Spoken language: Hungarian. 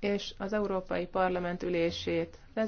és az Európai Parlament ülését